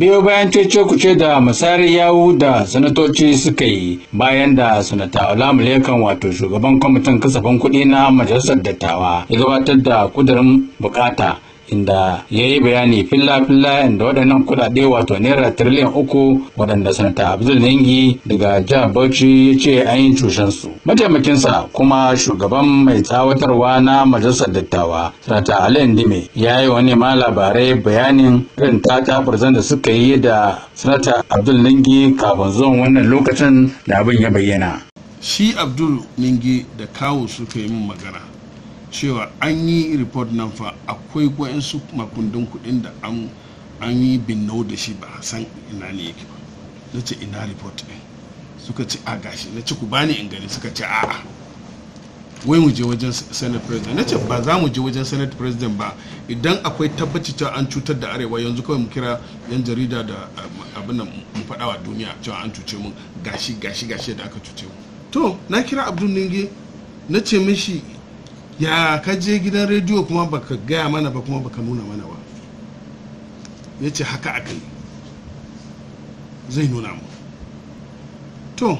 biyo bayan cece-kuce da masari yawo da sanatoci suka yi bayan da sanata olamu lekan wato shugaban kwamitin kasafin kuɗi na majalisar dattawa ya gabatar da kudurin bukata inda ya yi bayani filla-filla inda waɗannan kuɗaɗe wato naira tiriliyan uku waɗanda sanata abdul nengi daga jihar bauchi ya ce an yi cushen mataimakinsa kuma shugaban mai tsawatarwa na majalisar dattawa sanata ali ndime ya yi wani ma labarai bayanin irin tata da suka yi da sanata abdul nengi kafin zuwan wannan lokacin da abin ya bayyana shi abdul ningi da kawo suka yi min magana cewa an yi report nan fa akwai waɗansu makundin kudin da an yi binnau da shi ba san ina ne yake ba na ce ina report ɗin suka ci a gashi na ce ku bani in gani suka ci a'a wai mu je wajen senate president na ce ba za mu je wajen senate president ba idan akwai tabbaci cewa an cutar da arewa yanzu kawai mu kira yan jarida da eh, abin nan mu faɗa wa duniya cewa an cuce mu gashi gashi gashi da aka cuce mu to na kira abdul ninge na ce mishi ya ka je gidan rediyo kuma baka gaya mana ba kuma baka nuna mana ba ya ce haka a kai zai nuna mu to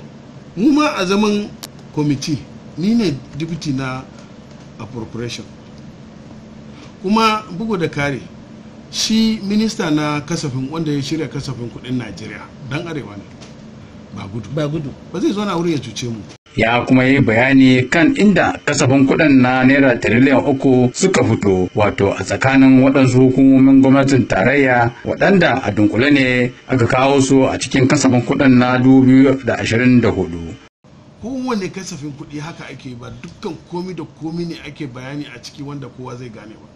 mu ma a zaman kwamiti ni ne dibiti na appropriation kuma bugu da kare shi minista na kasafin wanda ya shirya kasafin kudin najeriya dan arewa ne ba gudu ba zai zo na wurin ya cuce mu ya kuma yi bayani kan inda kasafin kuɗin na naira tiriliyan uku suka fito wato a tsakanin waɗansu hukumomin gwamnatin tarayya waɗanda a dunkule ne aka kawo su a cikin kasafin kuɗin na da da ashirin hudu. kowane kasafin kuɗi haka ake ba dukkan komi da komi ne ake bayani a ciki wanda kowa zai gane ba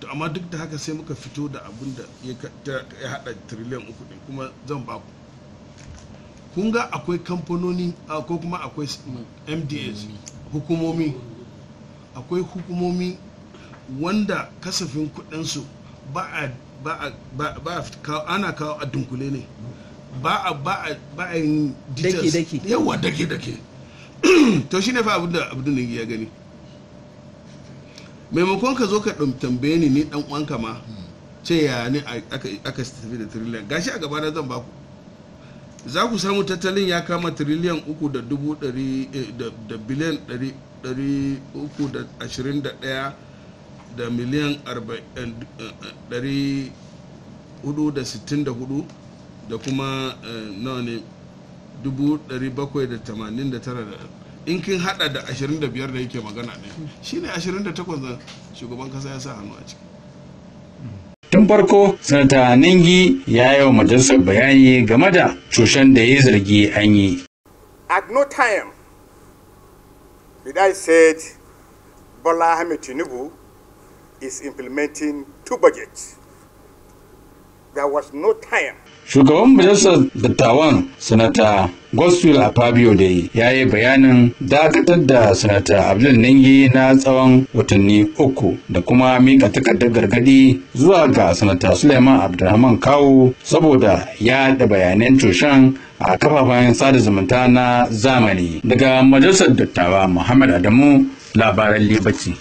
to amma duk da haka sai muka fito da abin da ya haɗa tiriliyan uku ɗin kuma zan baku kun ga akwai kamfanoni ko kuma akwai mds mm. mm. hukumomi akwai hukumomi wanda kasafin kudinsu ba a ba a ana kawo a dunkule ne ba a ba a yin details yawa dake dake to shine fa abinda da ya gani maimakon ka zo ka tambaye ni ne dan uwanka ma mm. ce ya ne aka tafi da trillion gashi a gaba na zan baku za ku samu tattalin ya kama tiriliyan uku da dubu eh, da biliyan dari uku da ashirin da daya da miliyan dari eh, hudu da sittin da hudu da kuma eh, nawa ne dubu dari bakwai da tamanin da tara da in kin hada da ashirin da biyar da yake magana ne shine ashirin da takwas da shugaban kasa ya sa hannu a ciki farko sanata ningi ya yi wa majalisar bayani game da cushen da ya zargi an yi at no time did i said bola ahmed tinubu is implementing two budgets there was no time shugaban majalisar dattawan sanata Gospel a Fabio da ya yi bayanin dakatar da sanata Abdul ningi na tsawon watanni uku da kuma mika takardar gargadi zuwa ga sanata Suleiman Abdulrahman Kawu saboda ya da bayanan tushen a kafafen sada zumunta na zamani daga majalisar dattawa Muhammad Adamu labaran libaci.